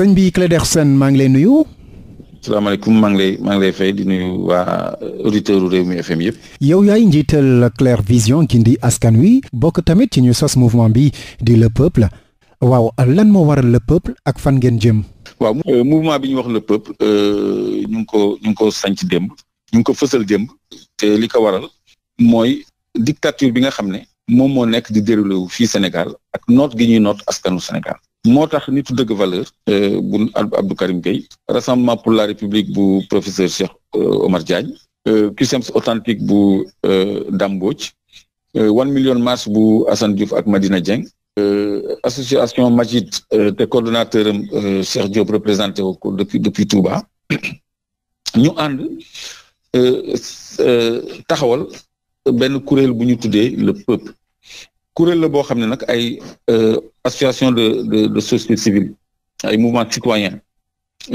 sëñ bi Clédor Sène maa ngi lay nuyu. salaamaaleykum maa ngi lay maa ngi lay fay di nuyu waa auditeurs Rewmi FM yëpp. yow yaay njiital Clair Vision gindi askan wi bokk tamit ci ñu sos mouvement bi di le peuple waaw lan moo waral le peuple ak fan ngeen jëm. waaw euh, mouvement bi ñu wax le peuple euh, ñu ngi ko ñu ngi ko sanc démb ñu ngi ko fësal démb te li ko waral mooy dictature bi nga xam ne moom moo nekk di déroulé wu fii Sénégal ak noot gi ñuy noot askanu Sénégal. moo tax nitu dëgg valeur euh, bu Abdou Karim Gueye pour la république bu professeur Cheikh euh, Omar Diagne euh, CUSEMS authentique bu Dame Mbodj one million marche bu Assane Diouf ak Madina Dieng association Majid te coordonnateur am Cheikh Diop représenté depuis depuis Touba ñu ànd taxawal benn kuréel bu ñu tuddee le peuple kuréel la boo xam ne nag ay euh, association de de de société civile ay mouvement citoyen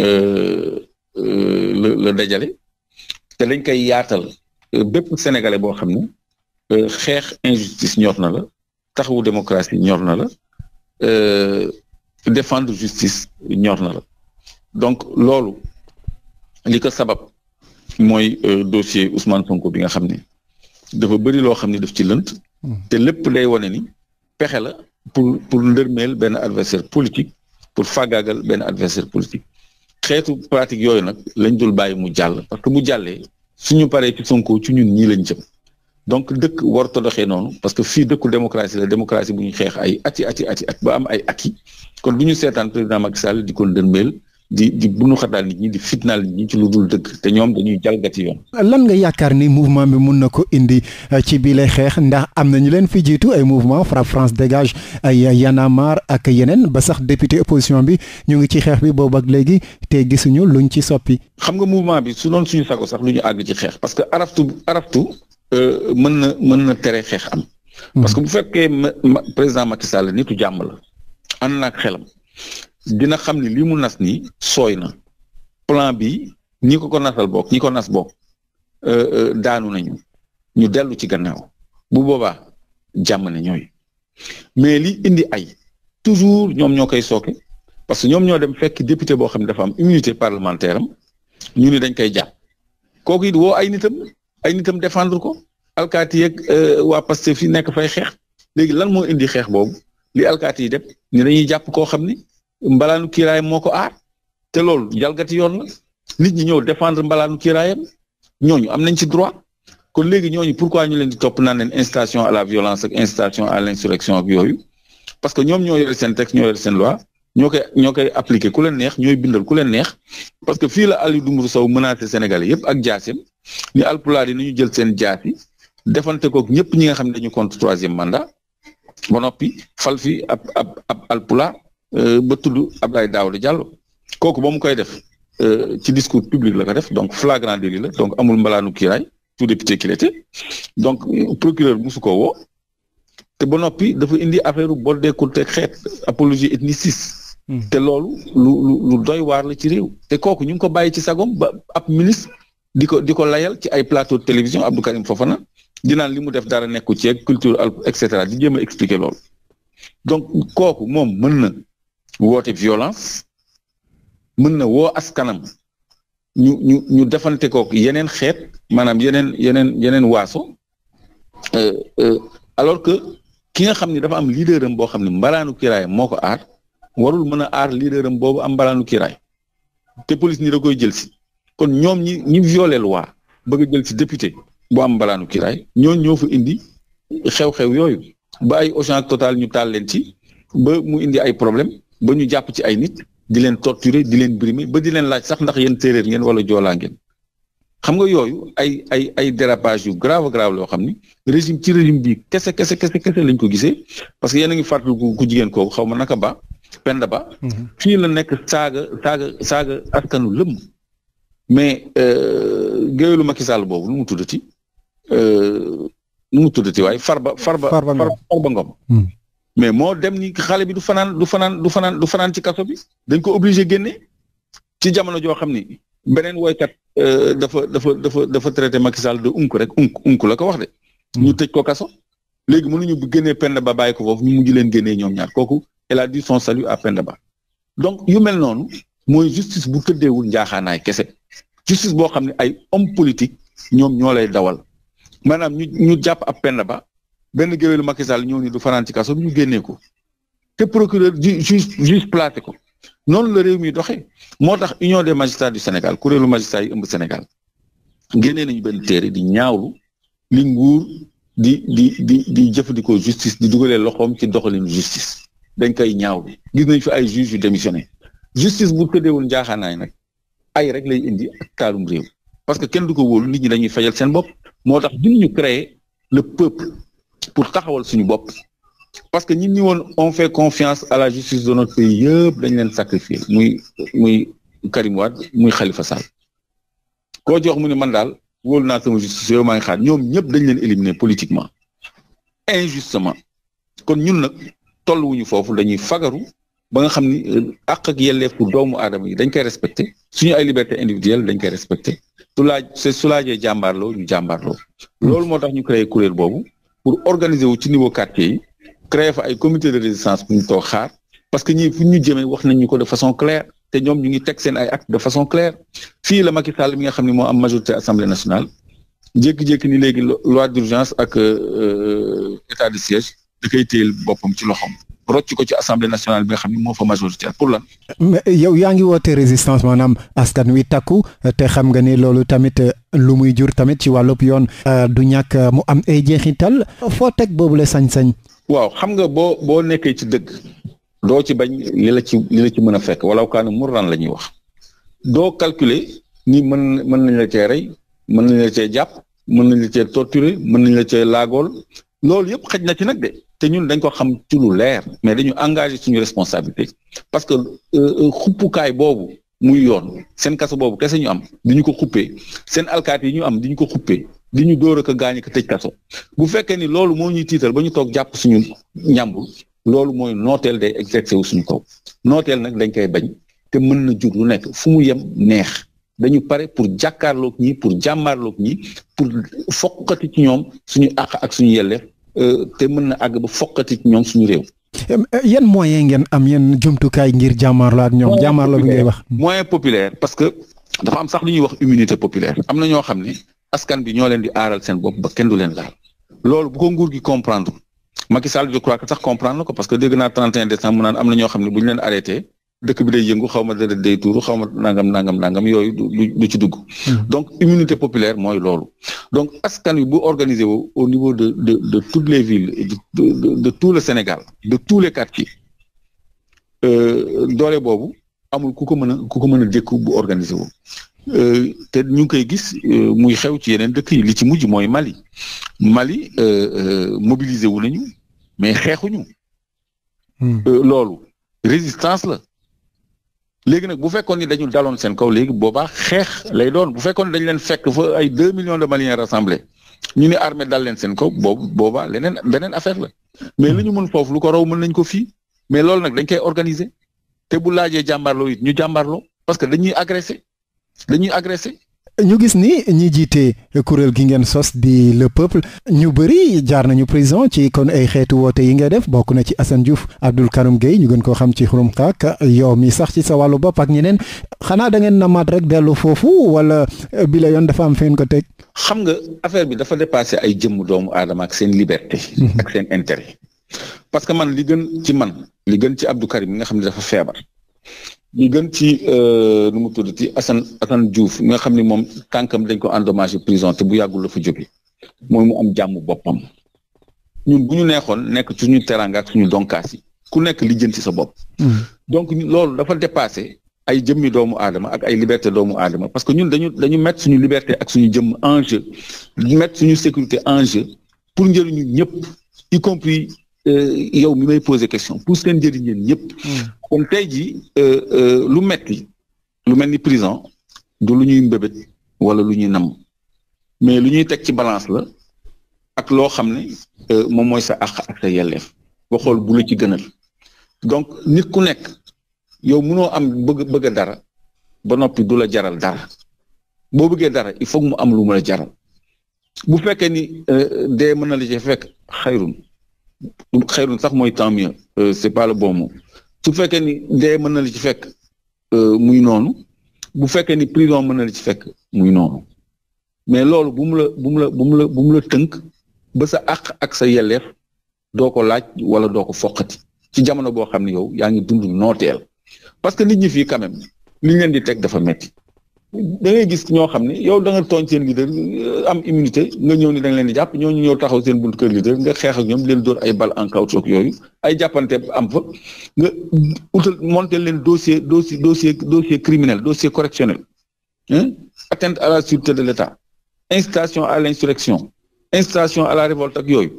euh, euh, la la dajale te dañ koy yaatal bépp sénégalais boo xam ne xeex injustice ñor na la taxawu démocratie ñor na la défendre justice ñor na la donc loolu li ko sabab mooy dossier Ousmane Sonko bi nga xam ne dafa bëri loo xam ne daf ci lënt te lépp day wane ni pexe la pour pour ndërmeel benn adversaire politique pour fàggaagal benn adversaire politique xeetu pratique yooyu nag lañ dul bàyyi mu jàll parce que bu jàllee suñu paree ci Sonko ci ñun ñii lañ jëm donc dëkk warut a doxee noonu parce que fii dëkku démocratie la démocratie bu ñu xeex ay ati ati ati at ba am ay at yi kon bu ñu seetaan président Macky Sall di ko ndërmeel di di bunu xataal nit ñi di fitnaal nit ñi ci lu dul dëgg te ñoom dañuy jalgati yoon. lan nga yaakaar ni mouvement bi mun na ko indi euh, ci bii biile xeex ndax am na ñu leen fi jiitu ay mouvement FRAPP France dégage ay Y'en ak yeneen ba sax député opposition bi ñu ngi ci xeex bi boobu ak léegi te gisuñu luñ ci soppi. xam nga mouvement bi su doon suñu sago sax lu ñu àgg ci xeex parce que araftu araftu euh, mën na mën na tere xeex am. parce que hmm. bu fekkee président Macky Sall nitu jàmm la ànd na dina xam ni li mu nas nii sooy na plan bi ñi ko ko nasal bokk ñi ko nas bokk euh, euh, daanu nañu ñu dellu ci gannaaw bu boobaa jàmm ne ñooy mais li indi ay toujours ñoom ñoo koy sooke parce que ñoom ñoo dem fekk député boo xam ne dafa am immunité parlementaire am ñu ni dañ koy jàpp kooku it woo ay nitam ay nitam défendre ko alkaati yeeg euh, waa Pastef fi nekk fay xeex léegi lan moo indi xeex boobu li alkaati yi def ni dañuy jàpp koo xam ni mbalaanu kiiraayam moo ko aar te loolu jalgati yoon la nit ñi ñëw défendre mbalaanu kiiraayam ñooñu am nañ ci droit kon léegi ñooñu pourquoi ñu leen di topp naan leen incitation à la violence ak incitation à l'insurrection ak yooyu parce que ñoom ñooy yore seen texte ñoo seen loi ñoo koy ñoo koy appliqué ku leen neex ñooy bindal ku leen neex parce que fii la Aliou Dembourou Sow menacé Sénégalais yëpp ak jaasem ni alpulaar na ñu jël seen jaas yi defante koog ñëpp ñi nga xam ne dañu contre troisième ba noppi fal fi ab ab ab alpulaar Euh, ba tudd daaw Daouda Diallo kooku ba mu koy def euh, ci discours public la ko def donc flagrant délit la donc amul mbalaanu kiiraay tout député qu'il était donc euh, procureur musu ko woo te ba noppi dafa indi affaire boo deekul te xeet apologie ethniciste hmm. te loolu lu lu doy waar la ci réew te kooku ñu ngi ko bàyyi ci sagom ba ab ministre di ko di ko layal ci ay plateau de télévision Abdou Karim Fofana dinaan li mu def dara nekku ci culture al et cetera di jéem a expliquer loolu donc kooku moom mën na woote violence mën na woo askanam ñu ñu ñu defante kook yeneen xeet maanaam yeneen yeneen yeneen waaso euh, euh, alors que ki nga xam ni dafa am leader am boo xam ne mbalaanu kiraay moo ko aar warul mën a aar leader am boobu am mbalaanu kiraay te police ni da koy jël si kon ñoom ñi ñi violé loi bëgg a jël si député bu am mbalaanu kiraay ñoo ñoo fa indi xew-xew yooyu ba ay Auchan Total ñu taal leen ci ba mu indi ay problème ba ñu jàpp ci ay nit di leen torturer di leen brimer ba di leen laaj sax ndax yéen séeréer ngeen wala joolaa ngeen xam nga yooyu ay ay ay dérapage yu grave grave loo xam ni régime ci régime bi kese kese kese kese lañ ko gisee parce que yéen a ngi fàttaliku ku jigéen kooku xaw ma naka ba penda ba mm-hmm. fii la nekk saaga saaga saaga askanu lëmm mais euh, géwelu Macky Sall boobu nu mu tuddati euh, nu mu tuddati waaye Farba Farba Farba Ngom mm. mais moo dem ni xale bi du fanaan du fanaan du fanaan du fanaan ci kaso bi dañ ko obligé génne ci jamono joo xam ni beneen woykat euh, dafa dafa dafa dafa traité Macky Sall de unk rek unk unk la ko wax de. ñu hmm. tëj ko kaso léegi mënuñu génnee Penda Ba bàyyi ko foofu ñu mujj leen génnee ñoom ñaar kooku elle a dit son salut à Penda Ba donc yu mel noonu mooy justice bu tëddeewul njaaxaanaay kese justice boo xam ne ay homme politique ñoom ñoo lay dawal maanaam ñu ñu jàpp ab Penda Ba benn géwélu Macky Sall ñëw ni du fanaan ci kaso bi ñu génnee ko te procureur ju juge platé ko noonu la réew mi doxee moo tax union des magistrats du Sénégal kuréelu magistrats yi ëmb Sénégal génnee nañu benn téere di ñaawlu li nguur di di di di jëfandikoo justice di dugalee loxoom ci doxalinu justice dañ koy ñaawlu gis nañ fi ay juges yu démissionné justice bu tëddeewul njaaxaanaay nag ay rek lay indi ak taalum réew parce que kenn du ko wóolu nit ñi dañuy fajal seen bopp moo tax duñu créer le peuple pour taxawal suñu bopp parce que ñun ñi woon on fait confiance à la justice de notre pays yëpp dañ leen sacrifier muy muy Karim Wade muy xalifa Sall koo jox mu ne man daal wóolu naa sama justice yow maa ngi ñoom ñëpp dañ leen éliminer politiquement injustement kon ñun nag tolluwuñu foofu dañuy fagaru ba nga xam ni euh, àq ak yelleef pour doomu aadama yi dañ koy respecté suñu ay liberté individuelle dañ koy respecté su laaj su laajee jàmbaarloo ñu jàmbaarloo loolu moo tax ñu créé kuréel boobu pour organiser wu ci niveau quartier yi créer fa ay comité de résistance pour ñu toog xaar parce que ñii fu ñu jëmee wax ko de façon claire te ñoom ñu ngi teg seen ay actes de façon claire fii la Macky Sall mi nga xam ne moo am majorité assemblée nationale jékki-jékki ni léegi loi d'urgence ak euh, euh, état de siège da koy téyel boppam ci loxoom. rocc ko ci assemblée nationale bi nga xam ne moo fa majoritaire pour lan. mais yow yaa ngi woote résistance maanaam askan wi takku te xam nga ni loolu tamit euh, lu muy jur tamit ci wàllub yoon euh, du ñàkk euh, mu am ay jeexital foo teg boobu la sañ-sañ. waaw xam nga boo boo nekkee ci dëgg doo ci bañ li la ci li ci mën a fekk wala kaanu murran la ñuy wax doo calculer ni mën mën nañ la cee rey mën nañ la cee jàpp mën nañ la cee torturer mën nañ la cee laagool loolu yëpp xaj na ci nag te ñun dañ ko xam ci leer mais dañu engagé suñu responsabilité parce que euh, euh, xuppukaay boobu muy yoon seen kaso boobu kese ñu am di ko xuppee seen alkaati yi ñu am dañu ko xuppee di ñu dóor a gaañ ak tëj kaso bu fekkee ni loolu moo ñuy tiital ba ñu toog jàpp suñu ñàmbur loolu mooy nooteel day exercer wu suñu kaw nooteel nag dañ koy bañ te mën na jur lu nekk fu mu yem neex dañu pare pour jàkkaarloog ñi pour jàmmaarloog ñi pour fokkati ci ñoom suñu àq ak suñu yelleef te mën na àgg ba fokkati ñoom suñu réew. Eh, yan moyen ngeen am yan jumtukaay ngir jàmmaarloo ak ñoom. la bi ngay wax moyen populaire parce que dafa am sax lu ñuy wax immunité populaire am na ñoo xam ne askan bi ñoo leen di aaral seen bopp ba kenn du leen laal. loolu bu ko nguur gi comprendre Macky Sall je crois que sax comprendre ko parce que dégg naa 31 décembre naan am na ñoo xam ne bu leen arrêté. dëkk bi day yëngu xaw ma deret day tuuru xaw ma nangam nangam nangam yooyu du du ci dugg. Hmm. donc immunité populaire mooy loolu. donc askan wi bu organisé wu au niveau de de de toutes les villes de de tout le Sénégal de tous les quartiers euh, doole boobu amul ku ko mën a ku ko mën a dékku bu organisé wu. Euh, te ñu ngi koy gis euh, muy xew ci yeneen dëkk yi li ci mujj mooy Mali Mali mobilisé wu nañu mais xeexuñu. Hmm. loolu résistance la. léegi nag bu fekkoon ni dañu daloon seen kaw léegi boobaa xeex lay doon bu fekkoon ni dañu leen fekk fa ay deux millions de Maliens rassemblés ñu ni armée dal leen seen kaw boobu boobaa leneen beneen affaire la mais li ñu mën foofu lu ko raw mën nañ ko fii mais loolu nag dañ koy organiser te bu laajee jàmbaarloo it ñu jàmbaarloo parce que dañuy agressé dañuy agressé ñu gis ni ñi jiitee kuréel gi ngeen sos di le peuple ñu bëri jaar nañu prison ci kon ay xeetu woote yi nga def bokk na ci Assane Diouf Abdoul Karim Gueye ñu gën koo xam ci xurum xaak yow mi sax ci sa wàllu bopp ak ñeneen xanaa da ngeen namaat rek dellu foofu wala bi yoon dafa am feen ko teg. xam nga affaire bi dafa dépassé ay jëmm doomu aadama ak seen liberté. Mhm. ak seen intérêt. parce que man li gën ci man. li gën ci Abdou Karim mi nga xam ne dafa feebar. li gën ci euh, nu mu tudd ci Assane Assane Diouf nga xam ni moom tànkam dañ ko endommagé prison te bu yàggul la fa jóge mooy mu am jàmm boppam ñun bu ñu neexoon nekk suñu teranga ak suñu donkaas yi ku nekk li jën ci sa bopp. Hmm. donc loolu dafa dépassé ay jëmmi doomu aadama ak ay liberté doomu aadama parce que ñun dañu dañu mettre suñu liberté ak suñu jëmm en jeu mettre suñu sécurité en pour njëriñu ñëpp y compris euh, yow mi may poser question pour seen njëriñ ñëpp. Hmm. kon tey jii euh, euh, lu metti lu mel ni prison du lu ñuy mbébét wala lu ñuy namm mais lu ñuy teg ci balance la ak loo xam ne euh, moom mooy sa àq ak ba xool bu la ci gënal donc nit ku nekk yow mënoo am bëgg bëgg dara ba noppi du la jaral dara boo bëggee dara il faut mu am lu mu la jaral bu fekkee ni dee mën na la ci fekk xayrun xayrun sax mooy tant mieux c'est pas su fekkee ni dee mën na la ci fekk euh, muy noonu bu fekkee ni prison mën na la ci fekk muy noonu mais loolu bu mu la bu la bu la bu tënk ba sa àq ak sa yelleef doo ko laaj wala doo ko foqati ci jamono boo xam ne yow yaa ngi dund nooteel parce que nit ñi fii quand même leen di teg dafa metti da ngay ñoo xam ne yow da nga tooñ seen leader euh, am immunité nga ñëw ni da nga leen di jàpp ñooñu ñëw taxaw seen buntu kër leader nga xeex ñoom leen dóor ay bal en caoutchouc yooyu ay jàppante am fa nga utal monter leen dossier dossier dossier dossier criminel dossier correctionnel atteinte à la sûreté de l'État incitation à l'insurrection incitation à la révolte ak yooyu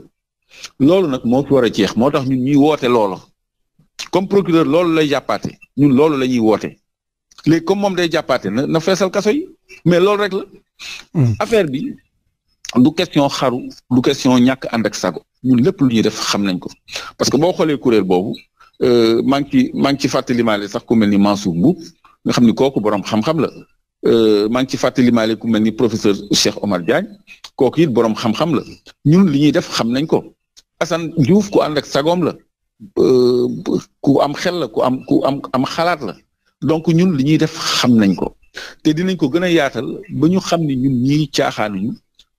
loolu nag moo fi war a jeex moo tax ñun ñuy woote loolu comme procureur loolu lay jàppaate ñun loolu la ñuy woote léegi comme moom day jàppaate na na feesal kaso yi mais loolu rek la. Hmm. affaire bi du question xaru du question ñàkk ànd ak sago ñun lépp lu ñuy def xam nañ ko parce que boo xoolee kuréel boobu euh, maa ngi ci maa ngi ci fàttalimaale sax ku mel ni Mansour nga xam ni kooku borom xam-xam la. Euh, maa ngi ci fàttalimaale ku mel ni professeur Cheikh Omar Diagne kooku it borom xam-xam la ñun li ñuy def xam nañ ko Assane Diouf ku ànd ak sagoom la euh, ku am xel la ku am ku am am xalaat la. donc ñun li ñuy def xam nañ ko te dinañ ko gën a yaatal ba ñu xam ne ñun ñii caaxaanuñu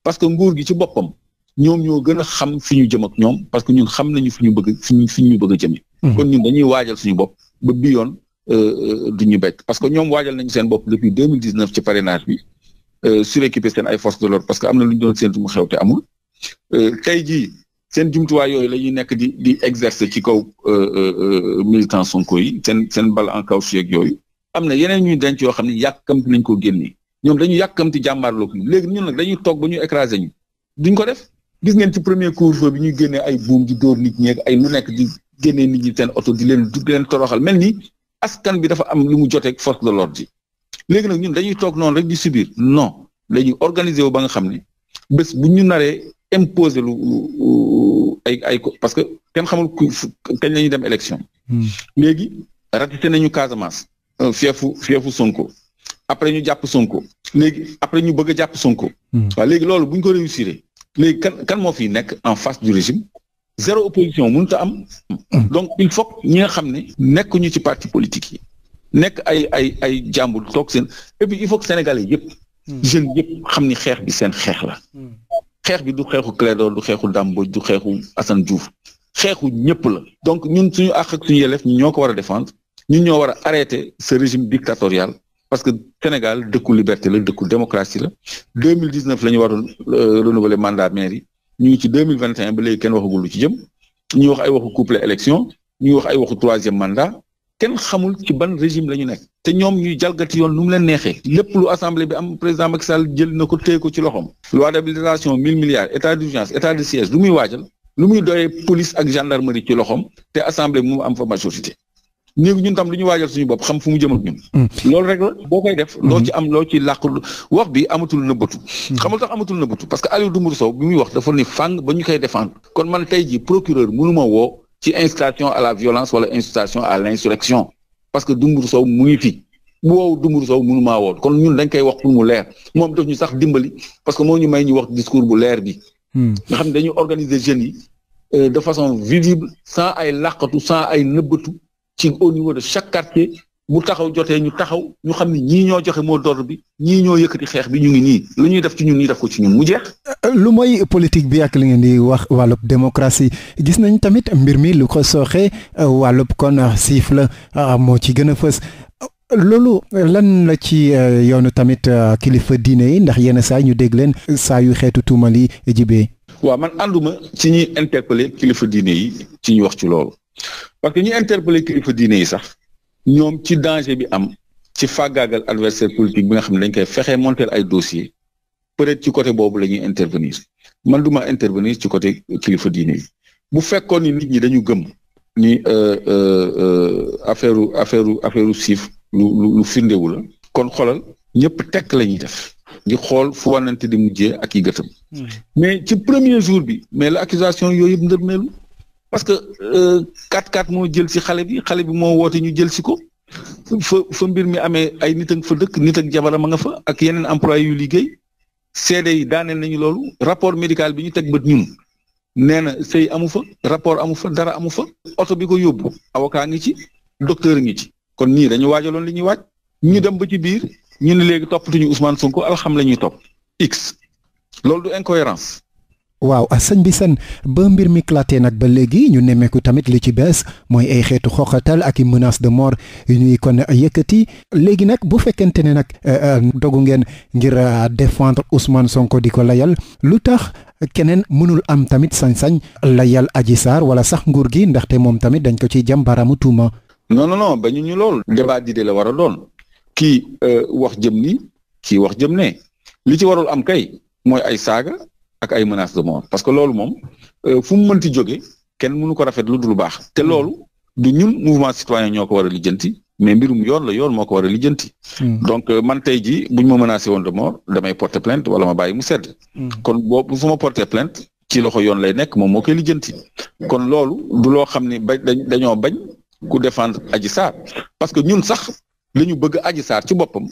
parce que nguur gi ci boppam ñoom ñoo gën a xam fi ñu jëm ak ñoom parce que ñun xam nañu fi ñu bëgg fi ñu fi ñu bëgg a jëmee. Mm-hmm. kon ñun dañuy waajal suñu bopp ba bi yoon euh, euh, du ñu bekk parce que ñoom waajal nañu seen bopp depuis deux mille dix neuf ci parrainage bi euh, suréquipé seen ay forces de l'ordre parce que am na lu ñu doon séntu mu xew te amul tey jii. seen jumtuwaay yooyu la ñuy nekk di di exercer ci kaw euh, euh, euh, militant Sonko yi seen seen bal en kaw yeeg yooyu am na yeneen ñuy denc yoo xam ne yàkkamti nañ ko génne ñoom dañu yàkkamti jàmbaarloog ñu léegi ñun nag dañuy toog ba ñu écrasé ñu duñ ko def gis ngeen ci premier couvre-feu bi ñuy génnee ay bum di dóor nit ñeeg ay lu nekk di génnee nit ñi seen oto di leen di leen toroxal mel ni askan bi dafa am lu mu joteeg force de l'ordre ji léegi nag ñun dañuy toog noonu rek di subir non la ñuy organiser ba nga xam ne bés bu ñu imposer lu lu ay ay parce que kenn xamul kañ la ñuy dem élection. Hmm. léegi ratissé nañu Casamance. Euh, fiefu fu Sonko. après ñu jàpp Sonko. léegi après ñu bëgg a jàpp Sonko. Hmm. waaw léegi loolu buñ ko réussir léegi kan kan moo fi nekk en face du régime. zéro opposition mënut a am. Hmm. donc il faut ñi nga xam ne. nekk ñu ci parti politique yi. nekk ay ay ay jàmbur toog seen et puis il faut que sénégalais yëpp. jeunes yëpp xam ni xeex bi seen xeex la. xeex bi du xeexu Clédor du xeexu Dame Mbodj du xeexu Assane Diouf xeexu ñëpp la donc ñun suñu àq ak suñu yelleef ñoo ko war a défendre ñun ñoo war a arrêter ce régime dictatorial parce que Sénégal dëkku liberté la dëkku démocratie la 2019 la ñu waro euh, renouveler mandat maire yi ñu ngi ci 2021 ba léegi kenn waxagul lu ci jëm ñu wax ay waxu couple élection ñu wax ay waxu troisième mandat kenn xamul ci ban régime la ñu nekk te ñoom ñuy jalgati yoon nu mu leen neexee lépp lu assemblée bi am président Macky Sall jël na ko téye ko ci loxoom. loi d'habilitation mille milliards état d'urgence état de siège lu muy waajal lu muy doyee police ak gendarmerie ci loxoom te assemblée bi mu am fa majorité léegi ñun tam lu ñu waajal suñu bopp xam fu mu jëm ak ñun. Mm. loolu rek boo koy def. loo mm-hmm. ci am loo ci làq wax bi amatul nëbbatu. Mm-hmm. xamul tax amatul nëbbatu parce que Aliou Dembourou Sow bi muy ba ñu koy défendre. kon man tey ji procureur mënu ma woo. ci incitation à la violence wala incitation à l'insurrection parce que Doumbourou Sow mu ngi fi bu woow Doumbourou Sow mënu maa woo kon ñun dañ koy wax pour mu leer moom daf ñu sax dimbali parce que moo ñu may ñu wax discours bu leer bi. Hmm. nga xam ne dañuy organiser jeunes yi euh, de façon visible sans ay làqatu sans ay nëbbatu ci au niveau de chaque quartier bu taxaw jotee ñu taxaw ñu xam ne ñii ñoo joxe moo door bi ñii ñoo yëkkati xeex bi ñu ngi nii lu ñuy def ci ñun ñu def ko ci ñun mu jeex. Euh, lu mooy politique bi ak li ngeen di wax wàllub démocratie gis nañ tamit mbir mi lu ko sooxee euh, wàllub kon la euh, moo ci gën a fës. loolu lan la ci yoonu tamit kilifa diine yi ndax yenn saa ñu dégg leen saa yu xeetu tuumal yi jibee. waaw man ànduma ci ñuy interpeller kilifa diine yi ci ñu wax ci loolu parce que ñi interpeller kilifa diine yi sax. ñoom ci danger bi am ci fàggaagal adversaire politique bi nga xam ne dañ koy fexe montel ay dossier peut-être ci côté boobu la ñuy intervenir man duma intervenir ci côté kilifa diine bu fekkoon ni nit ñi dañu gëm ni affaire euh, euh, euh, affaire affaire siif lu lu lu firndewu la kon xoolal ñëpp tekk la ñuy def di xool fu wanante di mujjee ak yi gëtam mais ci premier jour bi mais la accusation yooyu parce que 4-4 euh, moo jël si xale bi xale bi moo woote ñu jël si ko fa mbir mi amee ay nit ak fa dëkk nit ak jabaram a nga fa ak yeneen employé yu liggéey seede yi daaneel nañu loolu rapport médical bi ñu teg bët ñun nee na sëy amu fa rapport amu fa dara amu fa oto bi ko yóbbu avocat ngi ci docteur ngi ci kon ñii dañu waajaloon li ñuy waaj ñu dem ba ci biir ñu ne léegi toppatuñu Ousmane Sonko alxam la ñuy topp x loolu du incohérence waaw ah, sëñ bi sañ ba mbir mi éclaté nag ba léegi ñu nemmeeku tamit li ci bees mooy ay xeetu xoqatal ak i menace de mort yu ñuy kon yëkkati léegi nag bu fekkente ne nag eh, eh, dogu ngeen ngir eh, défendre Ousmane Sonko di ko layal lu tax keneen mënul am tamit sañ-sañ layal aji Sarr wala sax nguur gi ndaxte moom tamit dañ ko ci jam baraamu tuuma. non ba ñu ñu lool. di de la war a doon. kii wax jëm ni kii wax jëm ne li ci warul am kay mooy ay saaga. ak ay menaces de parce que loolu moom euh, fu mu mënti jóge kenn mënu ko rafet lu dul baax te hmm. loolu du ñun mouvement citoyen ñoo ko war a lijjanti mais mbirum yoon la yoon moo ko war a lijjanti. Hmm. donc euh, man tey jii bu ñu ma woon de mort damay porter plainte wala ma bàyyi mu sedd. Hmm. kon boobu su ma porter plainte ci loxo yoon lay nekk moom moo koy lijjanti. kon loolu du loo xam ne ba dañoo bañ ku défendre aji Sarr parce que ñun sax la ñu bëgg aji saar ci boppam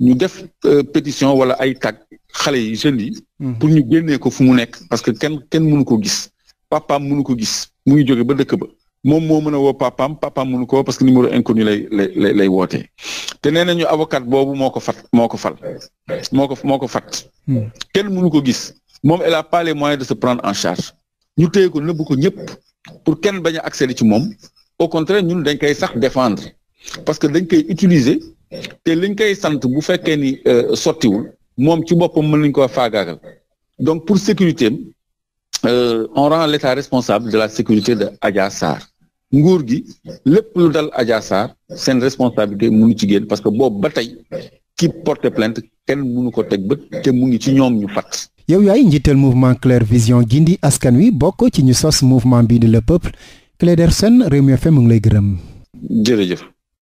ñu def euh, pétition wala ay tag xale yi jeunes yi. Mm-hmm. pour ñu génnee ko fu mu nekk parce que kenn kenn mënu ko gis papaam mënu ko gis mu ngi jóge ba dëkk ba moom moo mën a woo papaam papaam mënu ko parce que numéro inconnu lay lay lay wootee te nee ñu avocat boobu moo ko fat moo ko fal moo ko moo ko fat. Mm-hmm. kenn mënu ko gis moom et a pas les moyens de se prendre en charge ñu téye ko ko ñëpp pour kenn bañ a accéder ci moom au contraire ñun dañ koy sax défendre. parce que dañ koy utiliser te liñ koy sant bu fekkee ni euh, sottiwul moom ci boppam mën nañ ko faagaagal donc pour sécurité euh, on rend l'État responsable de la sécurité de Adja Sarr nguur gi lépp lu dal Adja Sarr seen mu mënu ci génn parce que boobu ba tey ki porte plainte kenn mënu ko teg bët te mu ngi ci ñoom ñu fat yow yaay njiital mouvement Claire Vision gindi askan wi bokk ci ñu sos mouvement bii di la peuple Clédor Sène Rewmi FM mu ngi lay gërëm. jërëjëf.